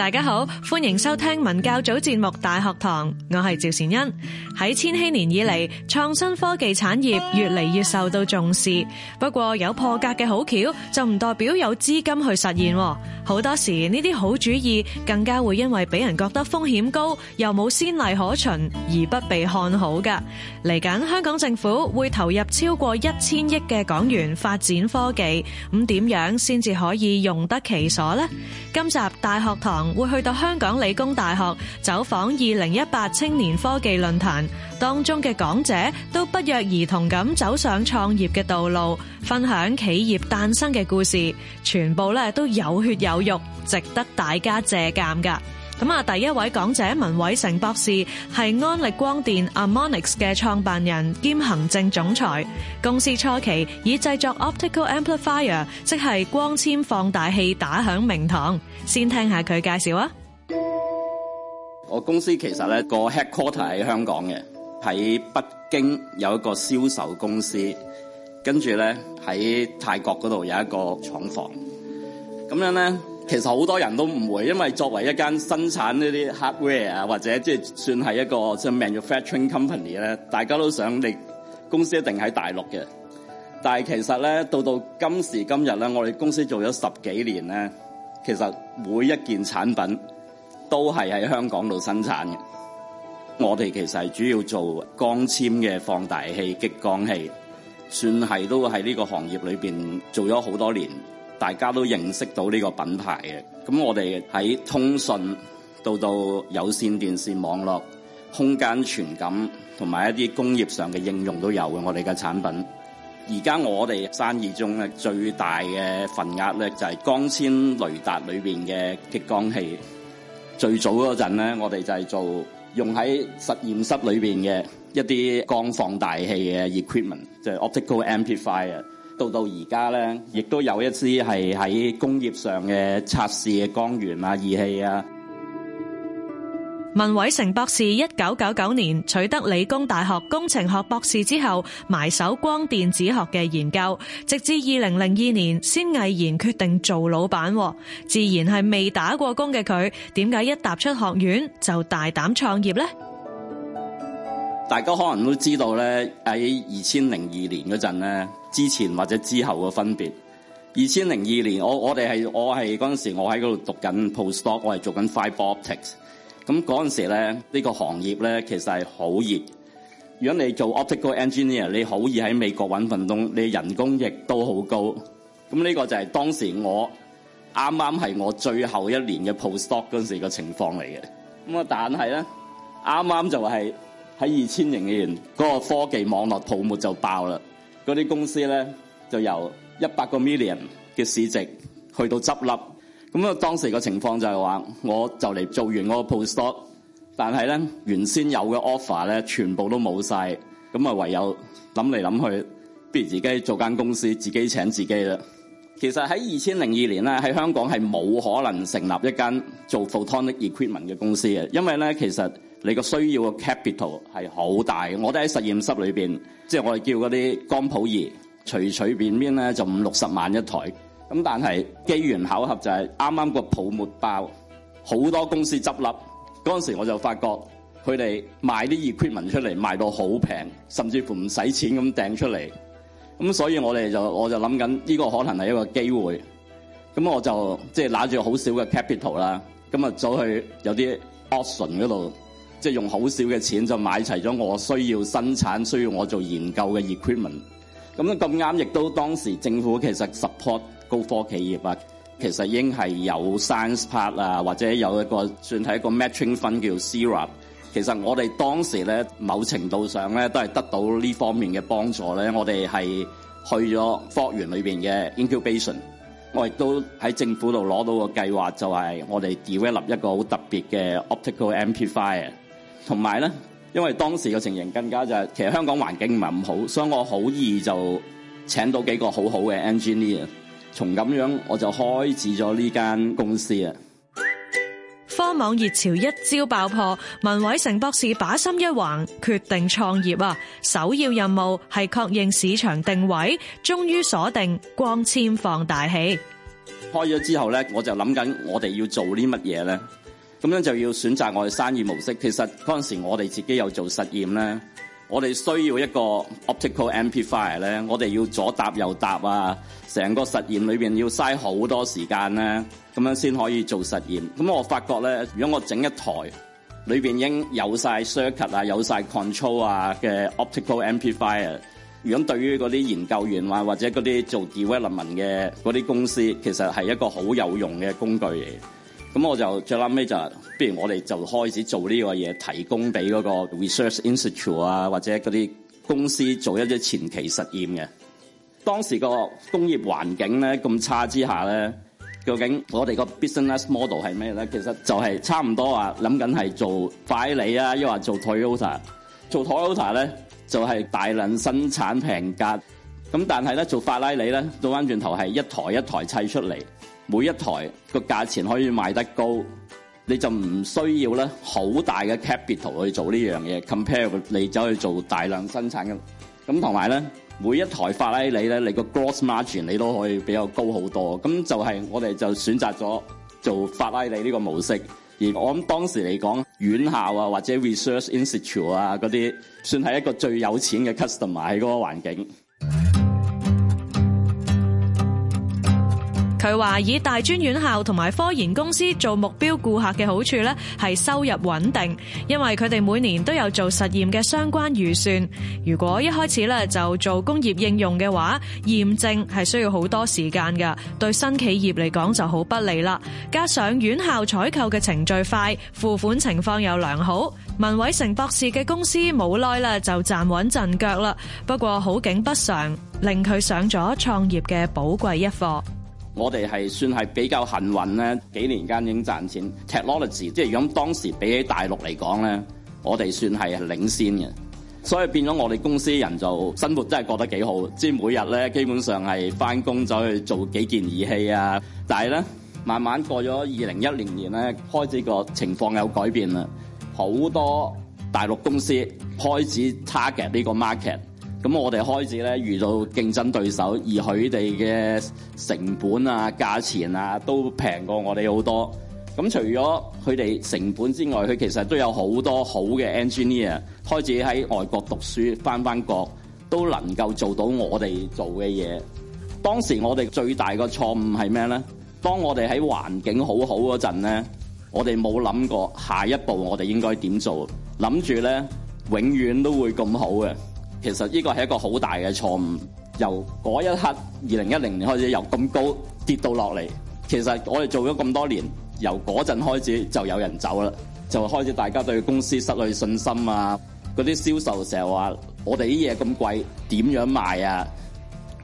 大家好，歡迎收聽文教組節目《大學堂》，我係趙善恩。喺千禧年以嚟，創新科技產業越嚟越受到重視。不過有破格嘅好橋，就唔代表有資金去實現。好多時呢啲好主意，更加會因為俾人覺得風險高，又冇先例可循，而不被看好噶。嚟緊香港政府會投入超過一千億嘅港元發展科技，咁點樣先至可以用得其所呢？今集《大學堂》。會去到香港理工大學走訪二零一八青年科技論壇當中嘅講者，都不約而同咁走上創業嘅道路，分享企業誕生嘅故事，全部咧都有血有肉，值得大家借鑒噶。咁啊，第一位講者文偉成博士係安力光電 Amonics 嘅創辦人兼行政總裁。公司初期以製作 optical amplifier，即係光纖放大器，打響名堂。先聽下佢介紹啊！我公司其實咧個 headquarter 喺香港嘅，喺北京有一個銷售公司，跟住咧喺泰國嗰度有一個廠房。咁樣咧。其實好多人都唔會，因為作為一間生產呢啲 hardware 啊，或者即係算係一個即係 manufacturing company 咧，大家都想你公司一定喺大陸嘅。但係其實咧，到到今時今日咧，我哋公司做咗十幾年咧，其實每一件產品都係喺香港度生產嘅。我哋其實係主要做光纖嘅放大器、激光器，算係都喺呢個行業裏面做咗好多年。大家都認識到呢個品牌嘅，咁我哋喺通訊到到有線電視網絡、空間傳感同埋一啲工業上嘅應用都有嘅，我哋嘅產品。而家我哋生意中咧，最大嘅份額咧就係、是、光纖雷達裏面嘅激光器。最早嗰陣咧，我哋就係做用喺實驗室裏面嘅一啲光放大器嘅 equipment，就係 optical amplifier。到到而家咧，亦都有一支係喺工業上嘅測試嘅光源啊、儀器啊。文偉成博士一九九九年取得理工大學工程學博士之後，埋首光電子學嘅研究，直至二零零二年先毅然決定做老闆。自然係未打過工嘅佢，點解一踏出學院就大膽創業呢？大家可能都知道咧，喺二千零二年嗰陣咧。之前或者之後嘅分別。二千零二年，我我哋係我係嗰陣時，我喺嗰度讀緊 postdoc，我係做緊 fiber optics 那那。咁嗰陣時咧，呢個行業咧，其實係好熱。如果你做 optical engineer，你好易喺美國揾份工，你人工亦都好高。咁呢個就係當時我啱啱係我最後一年嘅 postdoc 嗰陣時嘅情況嚟嘅。咁啊，但係咧，啱啱就係喺二千零二年，嗰個科技網絡泡沫就爆啦。嗰啲公司咧就由一百個 million 嘅市值去到執笠，咁啊當時個情況就係、是、話，我就嚟做完嗰個 post doc，但係咧原先有嘅 offer 咧全部都冇晒。咁啊唯有諗嚟諗去，不如自己做間公司，自己請自己啦。其實喺二千零二年咧，喺香港係冇可能成立一間做 photonic equipment 嘅公司嘅，因為咧其實。你個需要嘅 capital 係好大。我哋喺實驗室裏面，即係我哋叫嗰啲光譜儀，隨隨便便咧就五六十萬一台。咁但係機緣巧合就係啱啱個泡沫爆，好多公司執笠嗰陣時，我就發覺佢哋賣啲 equipment 出嚟賣到好平，甚至乎唔使錢咁掟出嚟。咁所以我哋就我就諗緊呢個可能係一個機會。咁我就即係攞住好少嘅 capital 啦。咁啊走去有啲 auction 嗰度。即係用好少嘅錢就買齊咗我需要生產、需要我做研究嘅 equipment。咁咧咁啱，亦都當時政府其實 support 高科企業啊，其實應係有 science part 啊，或者有一個算係一個 matching fund 叫 syrup。其實我哋當時咧某程度上咧都係得到呢方面嘅幫助咧。我哋係去咗科園裏邊嘅 incubation，我亦都喺政府度攞到個計劃，就係我哋 develop 一個好特別嘅 optical amplifier。同埋咧，因為當時嘅情形更加就係、是，其實香港環境唔係咁好，所以我好易就請到幾個好好嘅 engineer，從咁樣我就開始咗呢間公司啊。科網熱潮一朝爆破，文偉成博士把心一橫，決定創業啊！首要任務係確認市場定位，終於鎖定光纖放大器。開咗之後咧，我就諗緊我哋要做啲乜嘢咧。咁樣就要選擇我哋生意模式。其實嗰陣時我哋自己有做實驗咧，我哋需要一個 optical amplifier 咧，我哋要左搭右搭啊，成個實驗裏面要嘥好多時間咧，咁樣先可以做實驗。咁我發覺咧，如果我整一台裏面應有曬 circuit 啊，有曬 control 啊嘅 optical amplifier，如果對於嗰啲研究員啊或者嗰啲做 development 嘅嗰啲公司，其實係一個好有用嘅工具嚟。咁我就最 last 尾就是，不如我哋就開始做呢個嘢，提供俾嗰個 research institute 啊，或者嗰啲公司做一啲前期實驗嘅。當時個工業環境咧咁差之下咧，究竟我哋個 business model 係咩咧？其實就係差唔多啊，諗緊係做法拉利啊，抑或做 Toyota。做 Toyota 咧就係、是、大量生產平價，咁但係咧做法拉利咧，倒翻轉頭係一台一台砌出嚟。每一台個價錢可以賣得高，你就唔需要咧好大嘅 capital 去做呢樣嘢。compare 你走去做大量生產嘅，咁同埋咧每一台法拉利咧，你個 gross margin 你都可以比較高好多。咁就係我哋就選擇咗做法拉利呢個模式。而我諗當時嚟講，院校啊或者 research institute 啊嗰啲，算係一個最有錢嘅 customer 喺嗰個環境。佢話，以大專院校同埋科研公司做目標顧客嘅好處咧，係收入穩定，因為佢哋每年都有做實驗嘅相關預算。如果一開始咧就做工業應用嘅話，驗證係需要好多時間噶，對新企業嚟講就好不利啦。加上院校採購嘅程序快，付款情況又良好，文偉成博士嘅公司冇耐啦就站穩陣腳啦。不過好景不常，令佢上咗創業嘅寶貴一課。我哋係算係比較幸運咧，幾年間已經賺錢。Technology 即係咁，當時比起大陸嚟講咧，我哋算係領先嘅，所以變咗我哋公司人就生活真係過得幾好，即係每日咧基本上係翻工走去做幾件儀器啊。但係咧，慢慢過咗二零一零年咧，開始個情況有改變啦，好多大陸公司開始 target 呢個 market。咁我哋開始呢遇到競爭對手，而佢哋嘅成本啊、價錢啊都平過我哋好多。咁除咗佢哋成本之外，佢其實都有好多好嘅 engineer 開始喺外國讀書，返返國都能夠做到我哋做嘅嘢。當時我哋最大個錯誤係咩呢？當我哋喺環境好好嗰陣呢，我哋冇諗過下一步我哋應該點做，諗住呢永遠都會咁好嘅。其實呢個係一個好大嘅錯誤。由嗰一刻二零一零年開始，由咁高跌到落嚟。其實我哋做咗咁多年，由嗰陣開始就有人走啦，就開始大家對公司失去信心啊。嗰啲銷售成日話：我哋啲嘢咁貴，點樣賣啊？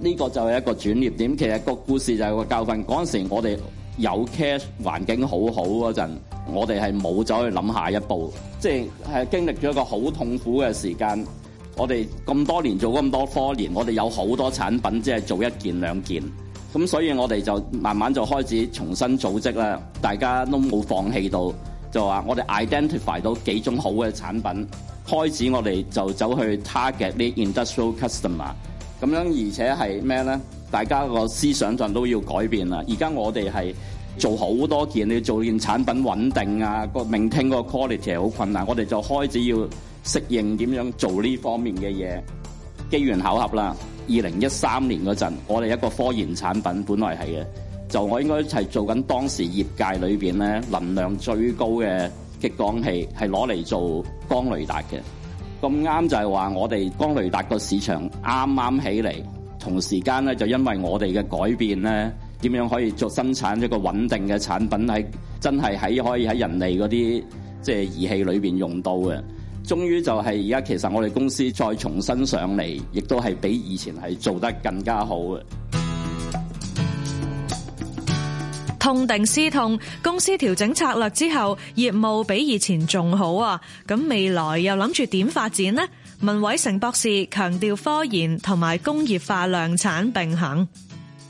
呢個就係一個轉捩點。其實個故事就係個教訓。嗰陣時我哋有 cash，環境好好嗰陣，我哋係冇走去諗下一步，即係係經歷咗一個好痛苦嘅時間。我哋咁多年做咁多科研，我哋有好多產品只係做一件兩件，咁所以我哋就慢慢就開始重新組織啦。大家都冇放棄到，就話我哋 identify 到幾種好嘅產品，開始我哋就走去 target 啲 industrial customer。咁樣，而且係咩咧？大家個思想上都要改變啦。而家我哋係做好多件，你要做件產品穩定啊，個 maintain 個 quality 好困難，我哋就開始要。適應點樣做呢方面嘅嘢？機緣巧合啦，二零一三年嗰陣，我哋一個科研產品本來係嘅，就我應該一齊做緊當時業界裏邊咧能量最高嘅激光器，係攞嚟做光雷達嘅。咁啱就係話，我哋光雷達個市場啱啱起嚟，同時間咧就因為我哋嘅改變咧，點樣可以做生產一個穩定嘅產品，係真係喺可以喺人哋嗰啲即係儀器裏邊用到嘅。終於就係而家，其實我哋公司再重新上嚟，亦都係比以前係做得更加好嘅。痛定思痛，公司調整策略之後，業務比以前仲好啊。咁未來又諗住點發展呢？文偉成博士強調，科研同埋工業化量產並行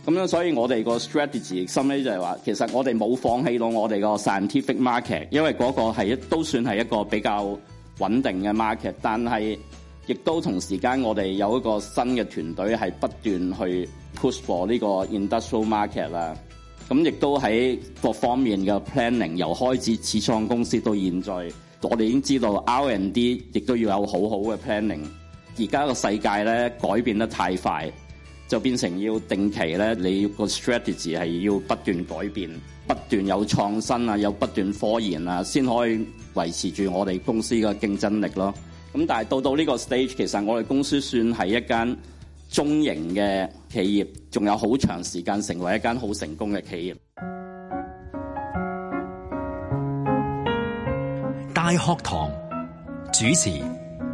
咁樣，所以我哋個 strategy 心咧就係話，其實我哋冇放棄到我哋個 scientific market，因為嗰個係都算係一個比較，穩定嘅 market，但係亦都同時間我哋有一個新嘅團隊係不斷去 push for 呢個 industrial market 啦。咁亦都喺各方面嘅 planning，由開始始創公司到現在，我哋已經知道 R&D 亦都要有好好嘅 planning。而家個世界咧改變得太快。就變成要定期咧，你個 strategy 係要不斷改變，不斷有創新啊，有不斷科研啊，先可以維持住我哋公司嘅競爭力咯。咁但係到到呢個 stage，其實我哋公司算係一間中型嘅企業，仲有好長時間成為一間好成功嘅企業。大學堂主持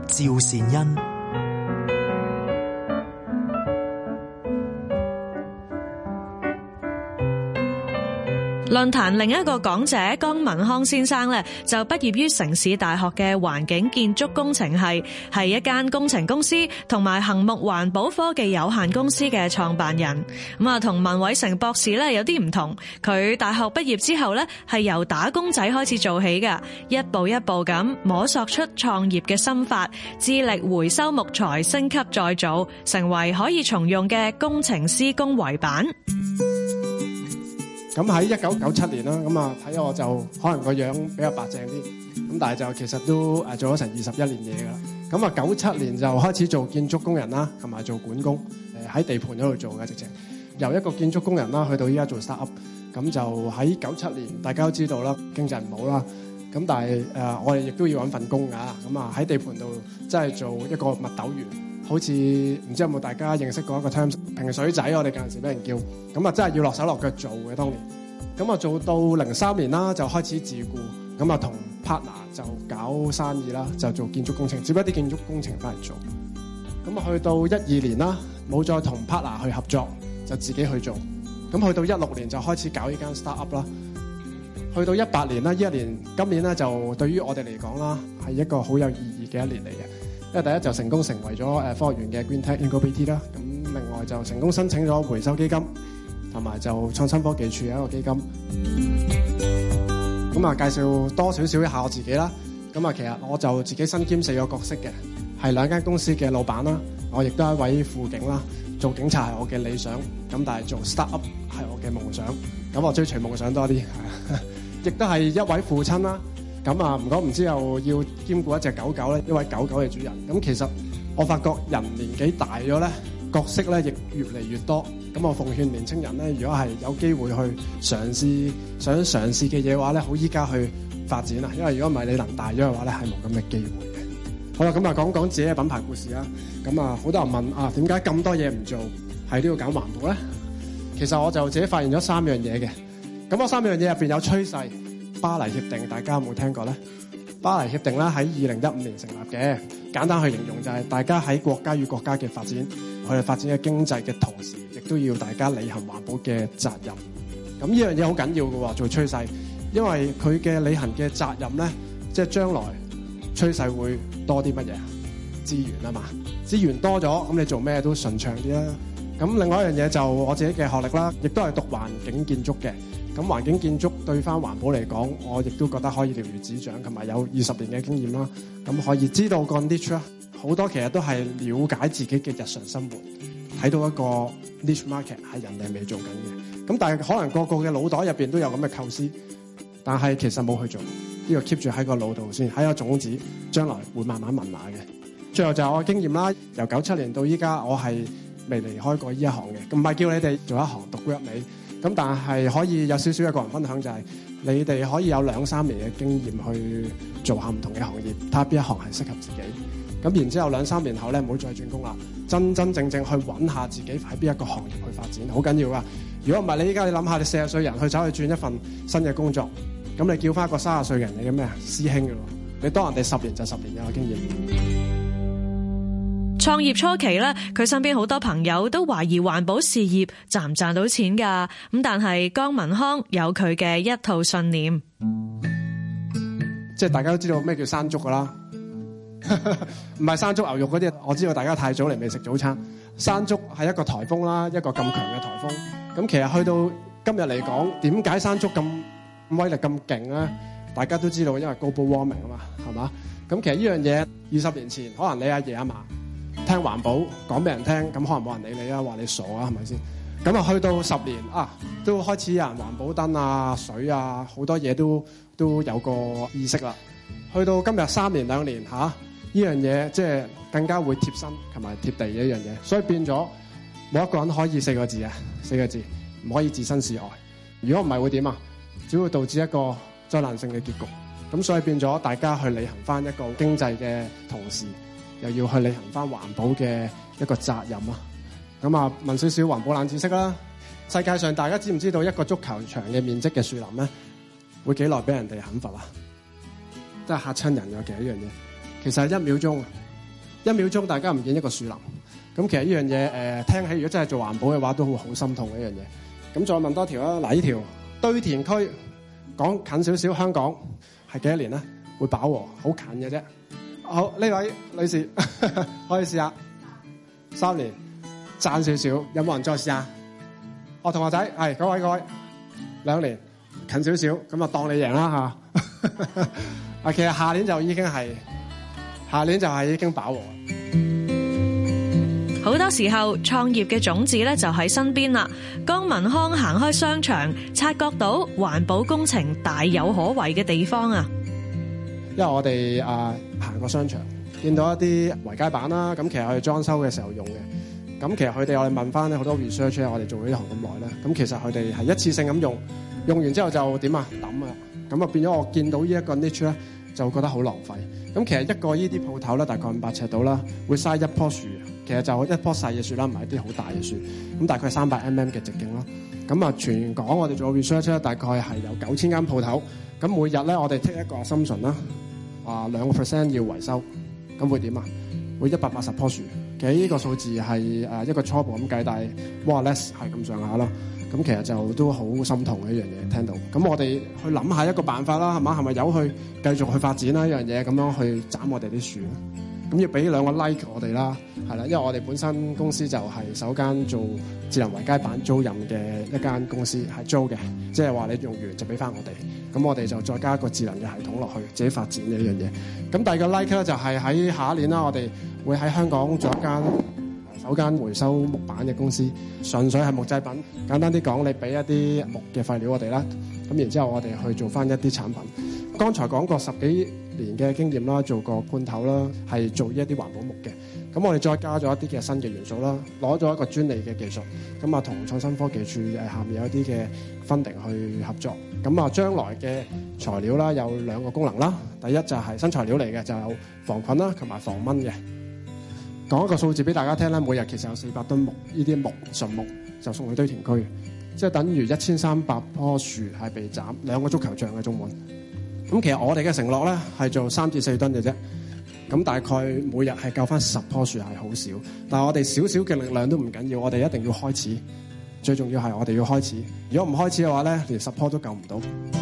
趙善恩。論壇另一個講者江文康先生咧，就畢業於城市大學嘅環境建築工程系，係一間工程公司同埋恒木環保科技有限公司嘅創辦人。咁啊，同文偉成博士咧有啲唔同，佢大學畢業之後呢，係由打工仔開始做起嘅，一步一步咁摸索出創業嘅心法，致力回收木材升級再造，成為可以重用嘅工程施工圍板。咁喺一九九七年啦，咁啊睇我就可能個樣比較白淨啲，咁但係就其實都誒做咗成二十一年嘢噶啦。咁啊九七年就開始做建築工人啦，同埋做管工，誒喺地盤嗰度做嘅。直情由一個建築工人啦，去到依家做 startup，咁就喺九七年大家都知道啦，經濟唔好啦。咁但係誒我哋亦都要揾份工㗎，咁啊喺地盤度即係做一個密斗員。好似唔知有冇大家認識過一個 term 平水仔，我哋嗰時俾人叫咁啊，就真係要落手落腳做嘅。當年咁啊，就做到零三年啦，就開始自僱。咁啊，同 partner 就搞生意啦，就做建築工程，接一啲建築工程翻嚟做。咁啊，去到一二年啦，冇再同 partner 去合作，就自己去做。咁去到一六年就開始搞呢間 startup 啦。去到一八年啦，呢一年今年咧就對於我哋嚟講啦，係一個好有意義嘅一年嚟嘅。因為第一就成功成為咗誒科學園嘅 Green Tech Incubatee 啦，咁另外就成功申請咗回收基金，同埋就創新科技處嘅一個基金。咁啊，介紹多少少一下我自己啦。咁啊，其實我就自己身兼四個角色嘅，係兩間公司嘅老闆啦，我亦都係一位輔警啦，做警察係我嘅理想，咁但係做 startup 係我嘅夢想，咁我追隨夢想多啲，亦都係一位父親啦。咁啊，唔講唔知又要兼顧一隻狗狗咧，一位狗狗嘅主人。咁其實我發覺人年紀大咗咧，角色咧亦越嚟越多。咁我奉勸年青人咧，如果係有機會去嘗試想嘗試嘅嘢話咧，好依家去發展啦。因為如果唔係你能大咗嘅話咧，係冇咁嘅機會嘅。好啦，咁啊講講自己嘅品牌故事啦。咁啊，好多人問啊，點解咁多嘢唔做，係都要搞環保咧？其實我就自己發現咗三樣嘢嘅。咁嗰三樣嘢入邊有趨勢。巴黎協定，大家有冇聽過咧？巴黎協定啦，喺二零一五年成立嘅，簡單去形容就係大家喺國家與國家嘅發展佢哋發展嘅經濟嘅同時，亦都要大家履行環保嘅責任。咁呢樣嘢好緊要㗎喎，做趨勢，因為佢嘅履行嘅責任咧，即係將來趨勢會多啲乜嘢資源啊嘛？資源多咗，咁你做咩都順暢啲啦。咁另外一樣嘢就我自己嘅學歷啦，亦都係讀環境建築嘅。咁環境建築對翻環保嚟講，我亦都覺得可以了如指掌，同埋有二十年嘅經驗啦。咁、嗯、可以知道個 niche 啦，好多其實都係了解自己嘅日常生活，睇到一個 niche market 係人哋未做緊嘅。咁但係可能各個個嘅腦袋入面都有咁嘅構思，但係其實冇去做，呢、這個 keep 住喺個腦度先，喺個種子，將來會慢慢萌芽嘅。最後就係我嘅經驗啦，由九七年到依家，我係未離開過呢一行嘅，唔係叫你哋做一行獨沽一味。咁但係可以有少少嘅個，個人分享就係，你哋可以有兩三年嘅經驗去做下唔同嘅行業，睇下邊一行係適合自己。咁然之後兩三年後咧，唔好再轉工啦，真真正正，正去揾下自己喺邊一個行業去發展，好緊要啊！如果唔係，你依家你諗下，你四十歲人去走去轉一份新嘅工作，咁你叫翻一個三十歲人你嘅咩呀師兄嘅喎？你當人哋十年就十年有經驗。創業初期咧，佢身邊好多朋友都懷疑環保事業賺唔賺到錢噶。咁但係江文康有佢嘅一套信念，即係大家都知道咩叫山竹噶啦，唔 係山竹牛肉嗰啲。我知道大家太早嚟未食早餐，山竹係一個颱風啦，一個咁強嘅颱風。咁其實去到今日嚟講，點解山竹咁威力咁勁咧？大家都知道，因為 global warming 啊嘛，係嘛？咁其實呢樣嘢二十年前可能你阿爺阿嫲。聽環保講俾人聽，咁可能冇人理你啊，話你傻啊，係咪先？咁啊，去到十年啊，都開始有人環保燈啊、水啊，好多嘢都都有個意識啦。去到今日三年兩年嚇，呢樣嘢即係更加會貼身同埋貼地嘅一樣嘢，所以變咗冇一個人可以四個字啊，四個字唔可以置身事外。如果唔係會點啊？只會導致一個災難性嘅結局。咁所以變咗大家去履行翻一個經濟嘅同時。又要去履行翻環保嘅一個責任啊！咁啊，問少少環保冷知識啦。世界上大家知唔知道一個足球場嘅面積嘅樹林咧，會幾耐俾人哋砍伐啊？真係嚇親人嘅其中一樣嘢。其實一秒鐘，一秒鐘大家唔見一個樹林。咁其實呢樣嘢誒，聽起如果真係做環保嘅話，都會好心痛嘅一樣嘢。咁再問多條啊！嗱，呢條堆填區講近少少，香港係幾多年咧會飽和？好近嘅啫。好，呢位女士可以試下三年賺少少，有冇人再試下？哦，同學仔係嗰位嗰位，兩年近少少，咁啊當你贏啦吓。啊，其實下年就已經係下年就係已經飽和。好多時候創業嘅種子咧就喺身邊啦。江文康行開商場，察覺到環保工程大有可為嘅地方啊！因為我哋啊行個商場，見到一啲維街板啦，咁其實佢裝修嘅時候用嘅，咁其實佢哋我哋問翻咧好多 research 咧，我哋做呢行咁耐啦。咁其實佢哋係一次性咁用，用完之後就點啊抌啊，咁啊變咗我見到呢一個 niche 咧，就覺得好浪費。咁其實一個依啲鋪頭咧，大概五百尺到啦，會嘥一棵樹，其實就一棵細嘅樹啦，唔係一啲好大嘅樹，咁大概三百 mm 嘅直徑咯。咁啊全港我哋做 research 咧，大概係有九千間鋪頭，咁每日咧我哋剔一個心 a 啦。啊，兩個 percent 要維修，咁會點啊？會一百八十棵樹，其實依個數字係誒一個初步咁計，但係 more or less 係咁上下咯。咁其實就都好心痛嘅一樣嘢，聽到。咁我哋去諗下一個辦法啦，係嘛？係咪有去繼續去發展啦？一樣嘢咁樣去斬我哋啲樹。咁要俾兩個 like 我哋啦，係啦，因為我哋本身公司就係首間做智能圍街板租賃嘅一間公司，係租嘅，即係話你用完就俾翻我哋。咁我哋就再加一個智能嘅系統落去，自己發展嘅呢樣嘢。咁第二個 like 咧就係喺下一年啦，我哋會喺香港做一間首間回收木板嘅公司，純粹係木製品。簡單啲講，你俾一啲木嘅廢料我哋啦，咁然之後我哋去做翻一啲產品。剛才講過十幾年嘅經驗啦，做過罐頭啦，係做一啲環保木嘅。咁我哋再加咗一啲嘅新嘅元素啦，攞咗一個專利嘅技術，咁啊同創新科技處誒下面有一啲嘅 funding 去合作。咁啊將來嘅材料啦有兩個功能啦，第一就係新材料嚟嘅，就有防菌啦同埋防蚊嘅。講一個數字俾大家聽啦，每日其實有四百噸木呢啲木純木就送去堆填區，即係等於一千三百棵樹係被斬，兩個足球場嘅總和。咁其實我哋嘅承諾咧係做三至四噸嘅啫，咁大概每日係救翻十棵樹係好少，但係我哋少少嘅力量都唔緊要，我哋一定要開始。最重要係我哋要開始，如果唔開始嘅話咧，連十棵都救唔到。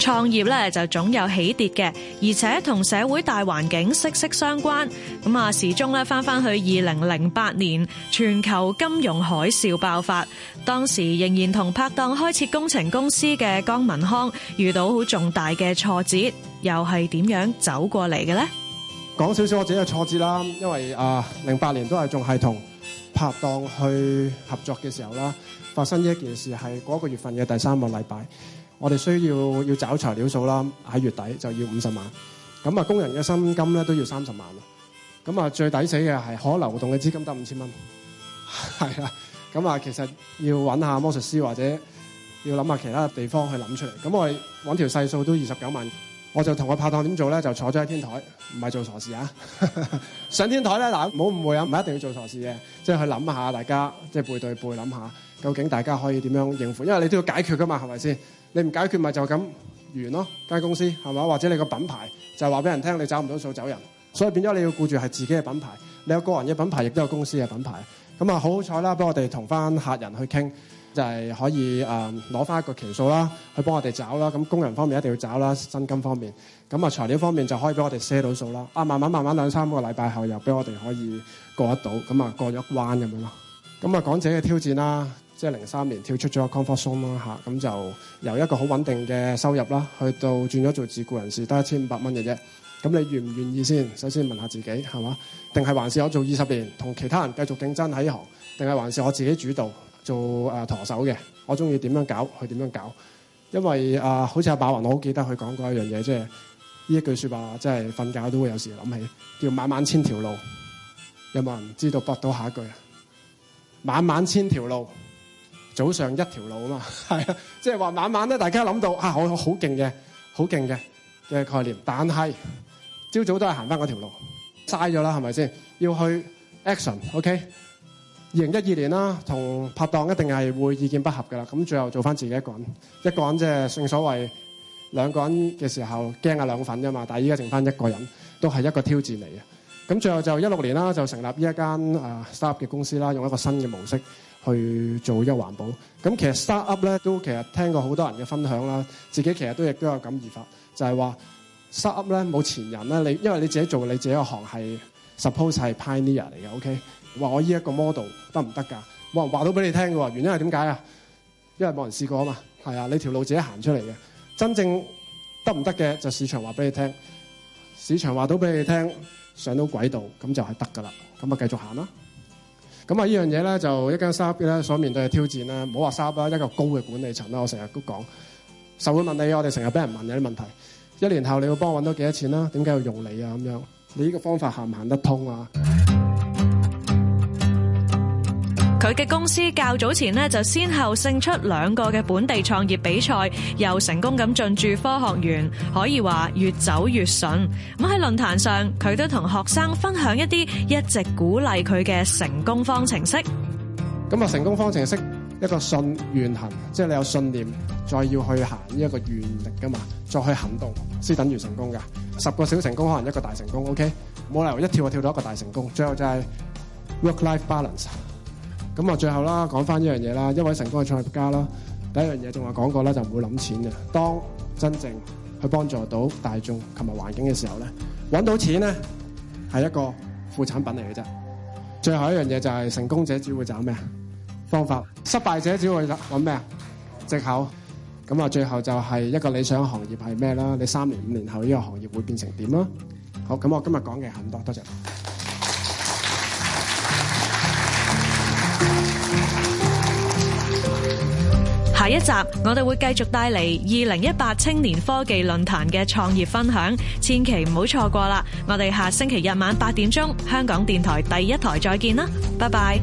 創業咧就總有起跌嘅，而且同社會大環境息息相關。咁啊，始終咧翻翻去二零零八年全球金融海嘯爆發，當時仍然同拍檔開設工程公司嘅江文康遇到好重大嘅挫折，又係點樣走過嚟嘅呢？講少少我自己嘅挫折啦，因為啊，零八年都係仲係同。拍檔去合作嘅時候啦，發生一件事係嗰個月份嘅第三個禮拜，我哋需要要找材料數啦，喺月底就要五十萬，咁啊工人嘅薪金咧都要三十萬啦，咁啊最抵死嘅係可流動嘅資金得五千蚊，係啦，咁啊其實要揾下魔術師或者要諗下其他地方去諗出嚟，咁我哋揾條細數都二十九萬。我就同我拍檔點做咧，就坐咗喺天台，唔係做傻事啊！ 上天台咧，嗱，唔好誤會啊，唔係一定要做傻事嘅，即係去諗下大家，即係背對背諗下，究竟大家可以點樣應付？因為你都要解決噶嘛，係咪先？你唔解決咪就咁完咯，間公司係嘛？或者你個品牌就話俾人聽，你找唔到數走人，所以變咗你要顧住係自己嘅品牌，你有個人嘅品牌亦都有公司嘅品牌。咁啊，好彩啦，俾我哋同翻客人去傾。就係可以誒攞翻一個期數啦，去幫我哋找啦。咁工人方面一定要找啦，薪金方面，咁啊材料方面就可以俾我哋賒到數啦。啊、慢慢慢慢兩三個禮拜後又俾我哋可以過得到，咁啊過咗一關咁樣咯。咁啊講自己嘅挑戰啦，即係零三年跳出咗個 comfort zone 啦嚇，咁就由一個好穩定嘅收入啦，去到轉咗做自僱人士得一千五百蚊嘅啫。咁你願唔願意先？首先問下自己係嘛？定係還是我做二十年同其他人繼續競爭喺行？定係還是我自己主導？做啊舵手嘅，我中意點樣搞，去點樣搞。因為啊，好似阿馬雲，我好記得佢講過一樣嘢，即係呢一句說話，即係瞓覺都會有時諗起，叫晚晚千條路。有冇人不知道駁到下一句？晚晚千條路，早上一條路啊嘛，係啊，即係話晚晚咧，大家諗到啊，我好勁嘅，好勁嘅嘅概念，但係朝早都係行翻嗰條路，嘥咗啦，係咪先？要去 action，ok？、Okay? 二零一二年啦，同拍檔一定係會意見不合㗎啦，咁最後做翻自己一個人，一個人即係正所謂兩個人嘅時候驚係兩份㗎嘛，但係依家剩翻一個人，都係一個挑戰嚟嘅。咁最後就一六年啦，就成立呢一間 start up 嘅公司啦，用一個新嘅模式去做一環保。咁其實 start up 咧都其實聽過好多人嘅分享啦，自己其實都亦都有感而發，就係話 start up 咧冇前人啦，你因為你自己做你自己個行係 suppose 係 pioneer 嚟嘅，OK。話我依一個 model 得唔得㗎？冇人話到俾你聽㗎喎。原因係點解啊？因為冇人試過啊嘛。係啊，你條路自己行出嚟嘅。真正得唔得嘅就市場話俾你聽。市場話到俾你聽，上到軌道咁就係得㗎啦。咁啊繼續行啦。咁啊呢樣嘢咧就一間 shop 咧所面對嘅挑戰啦。唔好話 shop 啦，一個高嘅管理層啦。我成日都講，就會問你，我哋成日俾人問你啲問題。一年後你要幫我揾多幾多錢啦？點解要用你啊？咁樣，你呢個方法行唔行得通啊？佢嘅公司較早前呢，就先後勝出兩個嘅本地創業比賽，又成功咁進駐科學園，可以話越走越順。咁喺論壇上，佢都同學生分享一啲一直鼓勵佢嘅成功方程式。咁啊，成功方程式一個信願行，即係你有信念，再要去行呢一個願力噶嘛，再去行動先等於成功噶。十個小成功可能一個大成功，OK？冇理由一跳就跳到一個大成功。最後就係 work life balance。咁啊，最後啦，講翻呢樣嘢啦，一位成功嘅創業家啦，第一樣嘢仲話講過啦，就唔會諗錢嘅。當真正去幫助到大眾同埋環境嘅時候咧，揾到錢咧係一個副產品嚟嘅啫。最後一樣嘢就係成功者只會找咩啊方法，失敗者只會揾咩啊藉口。咁啊，最後就係一個理想行業係咩啦？你三年五年後呢個行業會變成點啦？好，咁我今日講嘅係很多，多謝，謝。下一集我哋會繼續帶嚟二零一八青年科技論壇嘅創業分享，千祈唔好錯過啦！我哋下星期日晚八點鐘，香港電台第一台再見啦，拜拜。